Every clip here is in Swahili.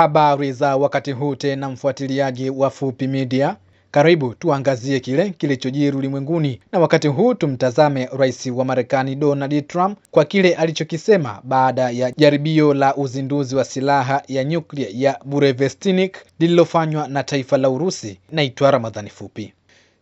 Habari za wakati huu tena, mfuatiliaji wa Fupi Media, karibu tuangazie kile kilichojiri ulimwenguni, na wakati huu tumtazame rais wa Marekani Donald Trump kwa kile alichokisema baada ya jaribio la uzinduzi wa silaha ya nyuklia ya Burevestnik lililofanywa na taifa la Urusi. Naitwa Ramadhani Fupi.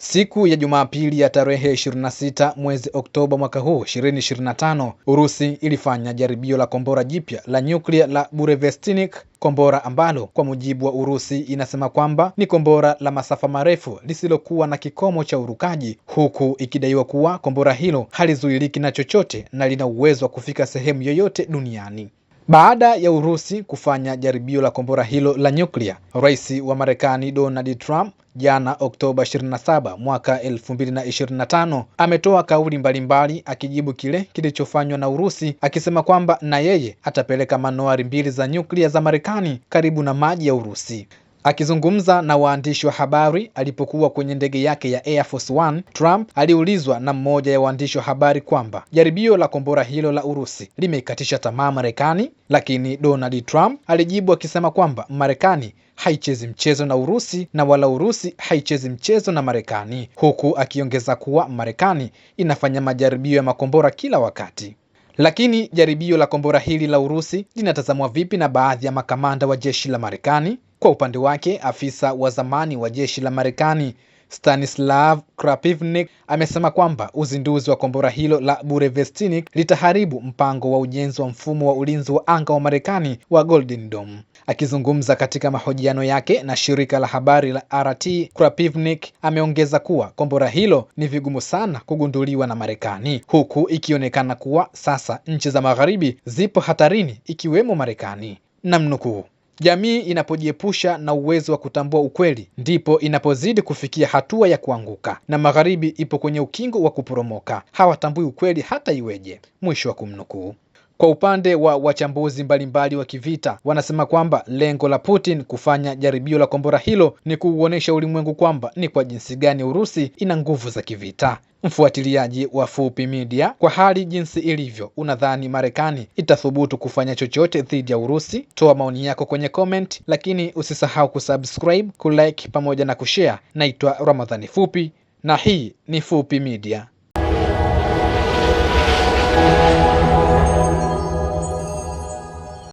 Siku ya Jumapili ya tarehe 26 mwezi Oktoba mwaka huu 2025, Urusi ilifanya jaribio la kombora jipya la nyuklia la Burevestnik, kombora ambalo kwa mujibu wa Urusi inasema kwamba ni kombora la masafa marefu lisilokuwa na kikomo cha urukaji, huku ikidaiwa kuwa kombora hilo halizuiliki na chochote na lina uwezo wa kufika sehemu yoyote duniani. Baada ya Urusi kufanya jaribio la kombora hilo la nyuklia, Rais wa Marekani Donald Trump jana Oktoba 27 mwaka 2025 ametoa kauli mbalimbali akijibu kile kilichofanywa na Urusi, akisema kwamba na yeye atapeleka manowari mbili za nyuklia za Marekani karibu na maji ya Urusi. Akizungumza na waandishi wa habari alipokuwa kwenye ndege yake ya Air Force One, Trump aliulizwa na mmoja ya waandishi wa habari kwamba jaribio la kombora hilo la Urusi limeikatisha tamaa Marekani, lakini Donald Trump alijibu akisema kwamba Marekani haichezi mchezo na Urusi na wala Urusi haichezi mchezo na Marekani, huku akiongeza kuwa Marekani inafanya majaribio ya makombora kila wakati. Lakini jaribio la kombora hili la Urusi linatazamwa vipi na baadhi ya makamanda wa jeshi la Marekani? Kwa upande wake, afisa wa zamani wa jeshi la Marekani Stanislav Krapivnik amesema kwamba uzinduzi wa kombora hilo la Burevestnik litaharibu mpango wa ujenzi wa mfumo wa ulinzi wa anga wa Marekani wa Golden Dome. Akizungumza katika mahojiano yake na shirika la habari la RT, Krapivnik ameongeza kuwa kombora hilo ni vigumu sana kugunduliwa na Marekani, huku ikionekana kuwa sasa nchi za Magharibi zipo hatarini ikiwemo Marekani. Namnukuu, Jamii inapojiepusha na uwezo wa kutambua ukweli, ndipo inapozidi kufikia hatua ya kuanguka, na Magharibi ipo kwenye ukingo wa kuporomoka. Hawatambui ukweli hata iweje. Mwisho wa kumnukuu. Kwa upande wa wachambuzi mbalimbali wa kivita, wanasema kwamba lengo la Putin kufanya jaribio la kombora hilo ni kuuonesha ulimwengu kwamba ni kwa jinsi gani Urusi ina nguvu za kivita. Mfuatiliaji wa Fupi Media, kwa hali jinsi ilivyo, unadhani Marekani itathubutu kufanya chochote dhidi ya Urusi? Toa maoni yako kwenye comment, lakini usisahau kusubscribe, kulike pamoja na kushare. Naitwa Ramadhani Fupi na hii ni Fupi Media.